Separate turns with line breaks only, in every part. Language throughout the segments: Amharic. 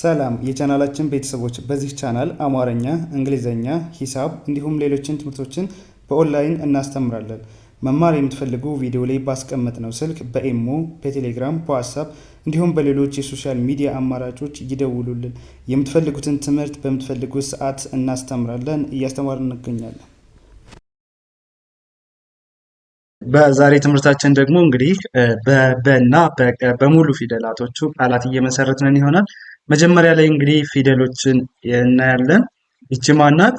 ሰላም የቻናላችን ቤተሰቦች፣ በዚህ ቻናል አማርኛ፣ እንግሊዝኛ፣ ሂሳብ እንዲሁም ሌሎችን ትምህርቶችን በኦንላይን እናስተምራለን። መማር የምትፈልጉ ቪዲዮ ላይ ባስቀመጥ ነው ስልክ በኢሞ በቴሌግራም በዋትሳፕ እንዲሁም በሌሎች የሶሻል ሚዲያ አማራጮች ይደውሉልን። የምትፈልጉትን ትምህርት በምትፈልጉት ሰዓት እናስተምራለን፣ እያስተማርን እንገኛለን።
በዛሬ ትምህርታችን ደግሞ እንግዲህ በ በና በሙሉ ፊደላቶቹ ቃላት እየመሰረትነን ይሆናል። መጀመሪያ ላይ እንግዲህ ፊደሎችን እናያለን። ይቺ ማናት?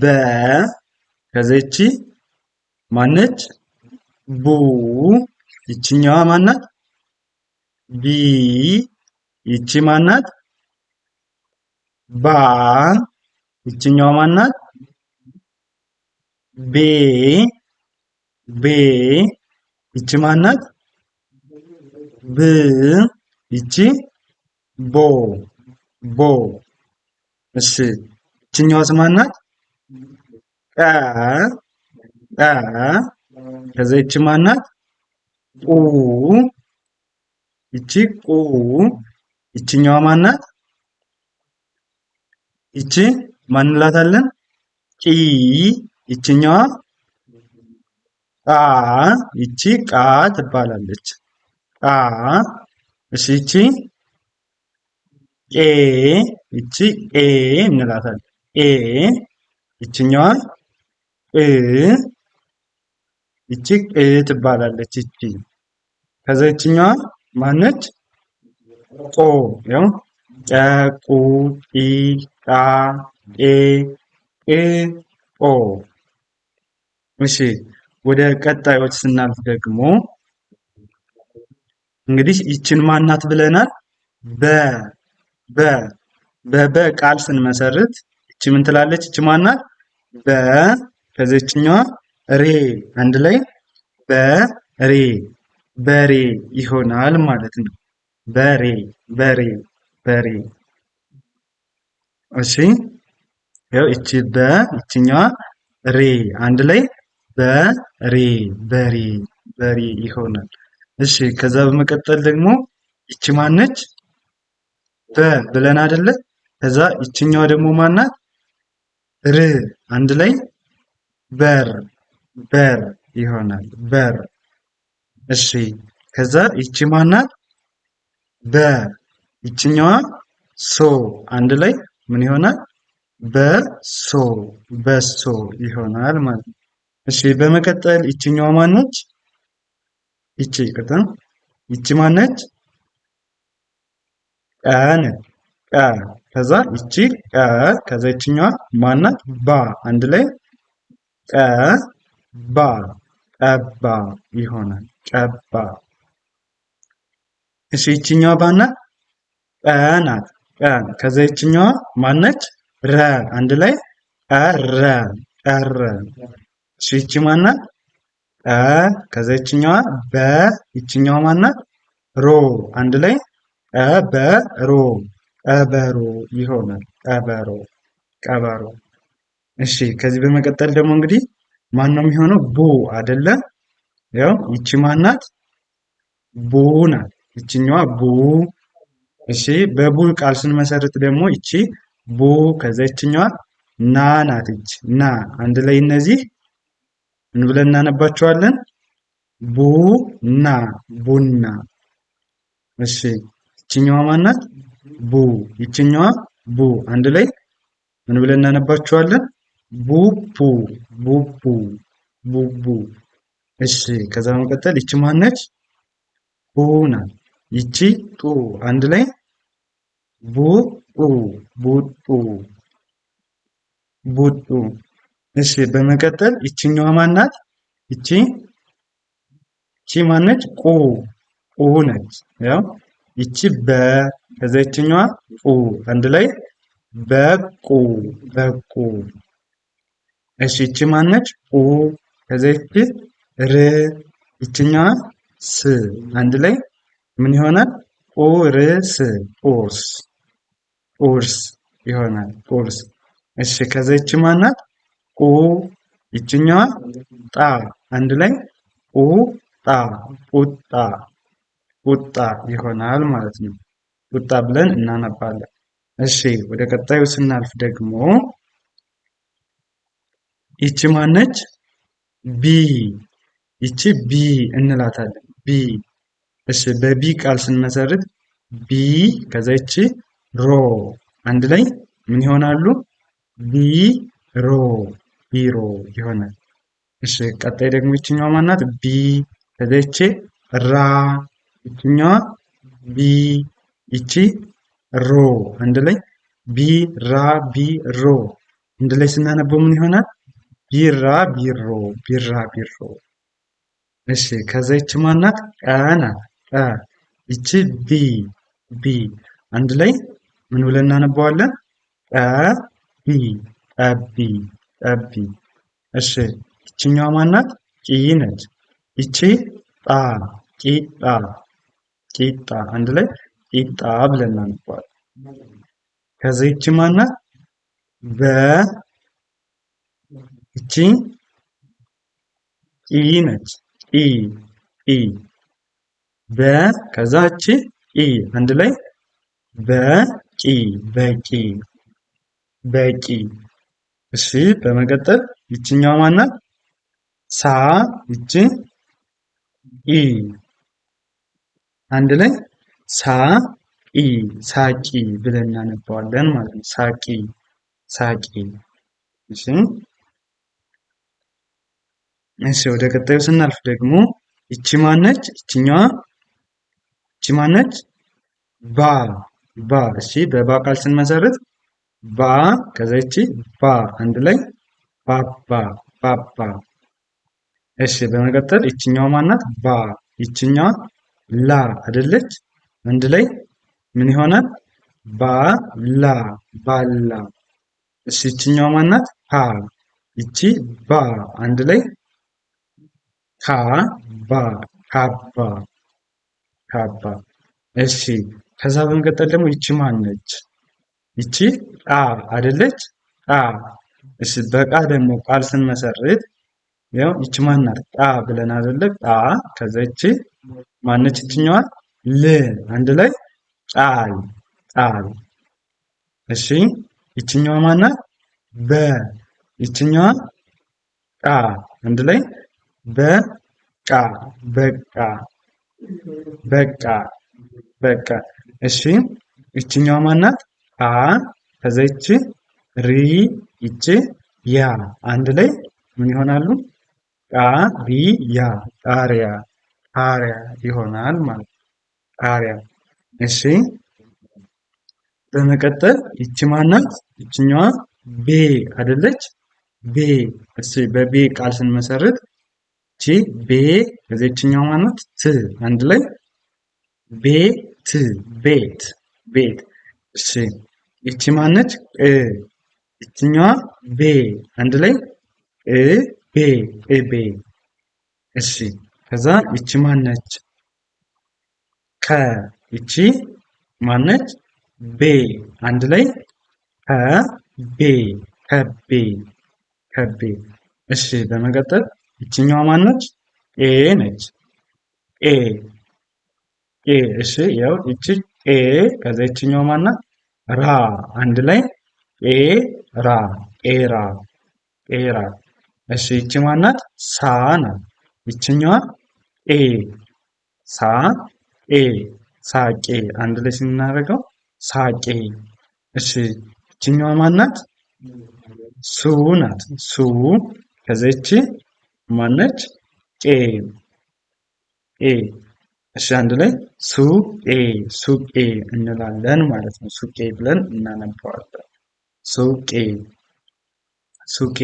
በ ከዚህቺ ማነች? ቡ ይቺኛዋ ማናት? ቢ ይቺ ማናት? ባ ይቺኛዋ ማናት? ቤ ቤ ይቺ ማናት? ብ ይቺ ቦ ቦ እሺ ይችኛዋስ ማናት? ቀ ቀ ከዛ ይቺ ማናት? ቁ ይቺ ቁ ይችኛዋ ማናት? ይቺ ማንላታለን? ቂ ይችኛዋ ቃ ይቺ ቃ ትባላለች። ቃ እሺ ይቺ ኤ እቺ ኤ እንላታለን። ኤ እችኛዋ እ እቺ እ ትባላለች። እቺ ከዛ እችኛዋ ማነች? ቆ ያው ጨቁ ጢ ጣ ኤ እ ቆ። እሺ ወደ ቀጣዮች ስናልፍ ደግሞ እንግዲህ ይችን ማናት ብለናል በ በ በበ ቃል ስንመሰርት እቺ ምን ትላለች? እቺ ማናት? በ ከዚህኛዋ ሬ አንድ ላይ በሬ በሬ ይሆናል ማለት ነው። በሬ በሬ በሬ። እሺ ያው እቺ በ እቺኛዋ ሬ አንድ ላይ በሬ በሬ በሬ ይሆናል። እሺ ከዛ በመቀጠል ደግሞ እቺ ማነች? በ ብለን አይደለ? ከዛ ይችኛዋ ደግሞ ማናት? ር አንድ ላይ በር በር ይሆናል። በር እሺ። ከዛ ይቺ ማናት? በ ይችኛዋ ሶ አንድ ላይ ምን ይሆናል? በሶ በሶ ይሆናል ማለት ነው። እሺ በመቀጠል ይችኛዋ ማነች? ይቺ ቅጥም ይቺ ማነች? ቀን ቀ ከዛ ይቺ ቀ ከዛ ይችኛዋ ማናት ባ አንድ ላይ ቀ ባ ቀባ ይሆናል። ቀባ እሺ፣ ይችኛዋ ባና ቀ ናት። ቀ ከዛ ይችኛዋ ማነች? ረ አንድ ላይ ቀረ ቀረ። እሺ፣ ይቺ ማናት? ቀ ከዛ ይችኛዋ በ ይችኛዋ ማናት? ሮ አንድ ላይ ቀበሮ ቀበሮ ይሆናል። ቀበሮ ቀበሮ። እሺ ከዚህ በመቀጠል ደግሞ እንግዲህ ማን ነው የሚሆነው? ቡ አይደለ? ያው ይቺ ማናት? ቡ ናት። ይችኛዋ ቡ። እሺ በቡ ቃል ስንመሰርት ደግሞ ይቺ ቡ፣ ከዛ ይችኛዋ ና ናት። ይቺ ና አንድ ላይ እነዚህ ምን ብለን እናነባቸዋለን? ቡ ና ቡና። እሺ ይችኛዋ ማናት? ቡ። ይችኛዋ ቡ። አንድ ላይ ምን ብለን እናነባቸዋለን? ቡቡ ቡቡ ቡቡ። እሺ፣ ከዛ በመቀጠል ይቺ ማነች? ቡ ይቺ ጡ። አንድ ላይ ቡ ጡ ቡጡ ቡጡ። እሺ፣ በመቀጠል ይችኛዋ ማናት? ይቺ ይቺ ማነች? ቁ ቁ ነች። ያው ይቺ በ ከዛ ይችኛዋ ቁ አንድ ላይ በቁ በቁ። እሺ ይቺ ማነች? ቁ ከዛ ይቺ ር ይችኛዋ ስ አንድ ላይ ምን ይሆናል? ቁርስ ቁርስ ቁርስ ይሆናል። ቁርስ እሺ ከዛ ይቺ ማናት? ቁ ይችኛዋ ጣ አንድ ላይ ቁጣ ቁጣ ቁጣ ይሆናል ማለት ነው። ቁጣ ብለን እናነባለን። እሺ ወደ ቀጣዩ ስናልፍ ደግሞ ይቺ ማነች? ቢ ይቺ ቢ እንላታለን። ቢ እሺ፣ በቢ ቃል ስንመሰርት ቢ ከዛ ይቺ ሮ አንድ ላይ ምን ይሆናሉ? ቢ ሮ ቢሮ ይሆናል። እሺ፣ ቀጣይ ደግሞ ይችኛው ማናት? ቢ ከዛ ይቺ ራ ይችኛዋ ቢ ይቺ ሮ አንድ ላይ ቢራ ቢሮ አንድ ላይ ስናነበው ምን ይሆናል? ቢራ ቢሮ ቢራ ቢሮ። እሺ ከዛ ይቺ ማናት? ቀናት ቀ ይቺ ቢ ቢ አንድ ላይ ምን ብለን እናነበዋለን? ጠቢ ጠቢ ጠቢ። እሺ ይችኛዋ ማናት? ቂ ነች። ይቺ ጣ ቂጣ ቂጣ አንድ ላይ ቂጣ ብለን እናነባዋለን። ከዚህ እቺ ማናት? በ እቺ ኢ ነች። ኢ ኢ በ ከዛ እቺ ኢ አንድ ላይ በቂ በቂ በቂ። እሺ በመቀጠል ይችኛው ማናት? ሳ እቺ ኢ አንድ ላይ ሳቂ ሳቂ ብለን እናነባዋለን ማለት ነው። ሳቂ ሳቂ። እሺ እሺ፣ ወደ ቀጣዩ ስናልፍ ደግሞ እቺ ማነች? እቺኛዋ እቺ ማነች? ባ ባ። እሺ፣ በባ ቃል ስንመሰርት ባ ከዛ እቺ ባ አንድ ላይ ባባ ባባ። እሺ፣ በመቀጠል እቺኛዋ ማናት? ባ ይችኛዋ ላ አይደለች? አንድ ላይ ምን ይሆናል? ባላ ባላ። እሺ ይችኛው ማናት? ካ ይቺ ባ አንድ ላይ ካ ባ ካባ ካባ። እሺ ከዛ በመቀጠል ደግሞ ይቺ ነች ይቺ ጣ አይደለች? ጣ እሺ በቃ ደግሞ ቃል ስንመሰርት ያው ይቺ ማናት? ጣ ብለን አይደለ? ጣ ከዛ ይቺ ማነች ይችኛዋ? ል አንድ ላይ ጣል ጣል እሺ ይችኛዋ ማናት? በ ይችኛዋ ቃ አንድ ላይ በቃ በቃ በቃ በቃ። እሺ ይችኛዋ ማናት? አ ከዛ ሪ ይቺ ያ አንድ ላይ ምን ይሆናሉ? ቃ ሪ ያ ጣሪያ ጣሪያ ይሆናል ማለት ነው። ጣሪያ እሺ። በመቀጠል ይቺ ማናት? ይችኛዋ ቤ አይደለች? ቤ እሺ። በቤ ቃል ስንመሰርት እቺ ቤ ከዚህኛዋ ማናት? ት አንድ ላይ ቤት ቤት ቤት። እሺ። ይቺ ማነች? እ ይችኛዋ ቤ አንድ ላይ እ ቤ እ ቤ እሺ። ከዛ ይቺ ማነች? ከ ይቺ ማነች? ቤ አንድ ላይ ከቤ ከቤ ከቤ። እሺ በመቀጠል ይችኛዋ ማነች? ኤ ነች። ኤ ኤ። እሺ ያው ይቺ ኤ ከዛ ይችኛዋ ማናት? ራ አንድ ላይ ኤ ራ ኤራ ኤራ። እሺ ይቺ ማናት? ሳ ናት። ይችኛዋ ኤ ሳ ኤ ሳቄ አንድ ላይ ስናደርገው ሳቄ። እሺ እችኛዋ ማናት? ሱ ናት። ሱ ከዚች ማነች? ቄ ኤ እሺ አንድ ላይ ሱ ሱቄ እንላለን ማለት ነው። ሱቄ ብለን እናነባዋለን። ሱቄ ሱቄ።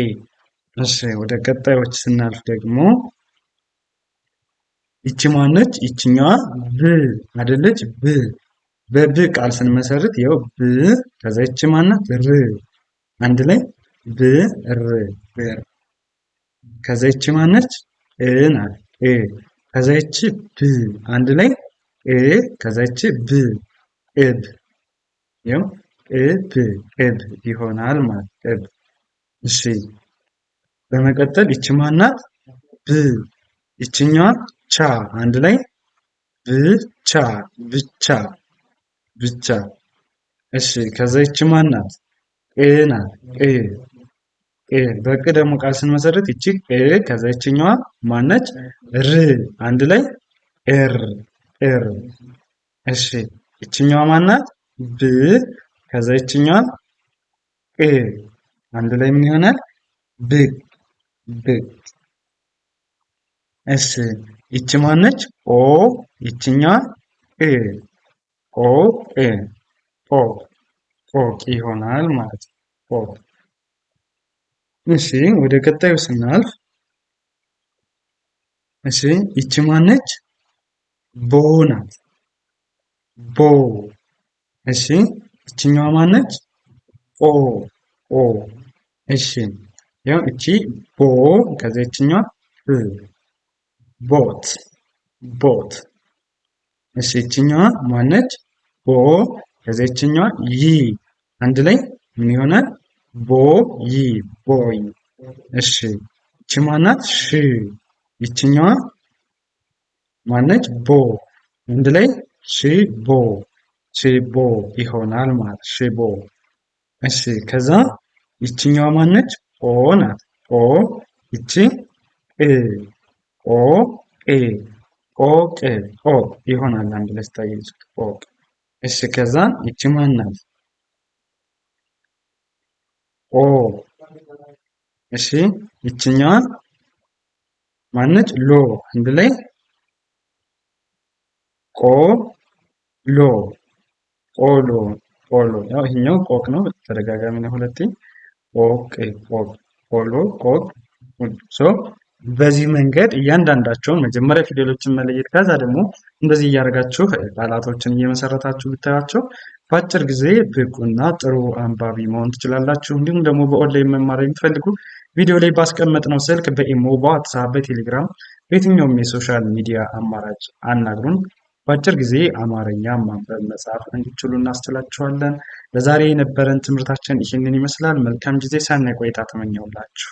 እሺ ወደ ቀጣዮች ስናልፍ ደግሞ ይቺ ማነች? ይችኛዋ ብ አይደለች? ብ በብ ቃል ስንመሰርት ያው ብ ከዛ ይቺ ማናት? ር አንድ ላይ ብ ር ብር። ከዛ ይቺ ማነች? እ ናት እ ከዛ ይቺ ብ አንድ ላይ እ ከዛ ይቺ ብ እብ ያው እብ እብ ይሆናል ማለት እብ። እሺ በመቀጠል ይቺ ማናት? ብ ይችኛዋ ቻ አንድ ላይ ብቻ ብቻ ብቻ። እሺ ከዛ ይቺ ማናት? ናት? ቅ ናት። ቅ ቅ በቅ ደግሞ ቃል ስንመሰረት ይቺ ቅ ከዛ ይችኛዋ ማነች? ር አንድ ላይ ኤር ኤር። እሺ ይችኛዋ ማናት? ብ ከዛ ይችኛዋ ቅ አንድ ላይ ምን ይሆናል? ብ ብ እሺ ይቺ ማነች? ኦ ይችኛ እ ኦ እ ኦ ኦቅ ይሆናል ማለት ነው። እሺ፣ ወደ ቀጣዩ ስናልፍ እሺ፣ ይቺ ማነች? ቦ ናት። ቦ እሺ፣ ይቺኛዋ ማነች? ኦ ኦ እሺ፣ ያው እቺ ቦ ከዚያ ይቺኛዋ ቦት ቦት። እሺ እችኛዋ ማነች? ቦ ከዚያ እችኛዋ ይ አንድ ላይ ምን ይሆናል? ቦ ይ ቦይ። እሺ እቺ ማናት? ሽ ይችኛዋ ማነች? ቦ አንድ ላይ ሽ ቦ ሽቦ ይሆናል ማለት ሽቦ። እሺ ከዛ ይችኛዋ ማነች? ኦ ናት። ኦ ይቺ ኦ ኤ ኦቅ ኦቅ ይሆናል። አንድ ላይ ስታያይዙት ኦቅ። እሺ ከዛን ይቺ ማን ናት? ኦ እሺ ይችኛዋን ማነች? ሎ አንድ ላይ ቆ ሎ ቆሎ ቆሎ። ያው ይሄኛው ቆቅ ነው፣ ተደጋጋሚ ነው ሁለቴ። ቆቅ ቆቅ ቆሎ ቆቅ ሶ በዚህ መንገድ እያንዳንዳቸውን መጀመሪያ ፊደሎችን መለየት ከዛ ደግሞ እንደዚህ እያደረጋችሁ ቃላቶችን እየመሰረታችሁ ብታያቸው በአጭር ጊዜ ብቁና ጥሩ አንባቢ መሆን ትችላላችሁ። እንዲሁም ደግሞ በኦንላይን መማር የምትፈልጉ ቪዲዮ ላይ ባስቀመጥ ነው ስልክ በኢሞ፣ በዋትሳፕ፣ በቴሌግራም በየትኛውም የሶሻል ሚዲያ አማራጭ አናግሩን። በአጭር ጊዜ አማርኛ ማንበብ መጻፍ እንዲችሉ እናስችላችኋለን። ለዛሬ የነበረን ትምህርታችን ይህንን ይመስላል። መልካም ጊዜ፣ ሰናይ ቆይታ ተመኘውላችሁ።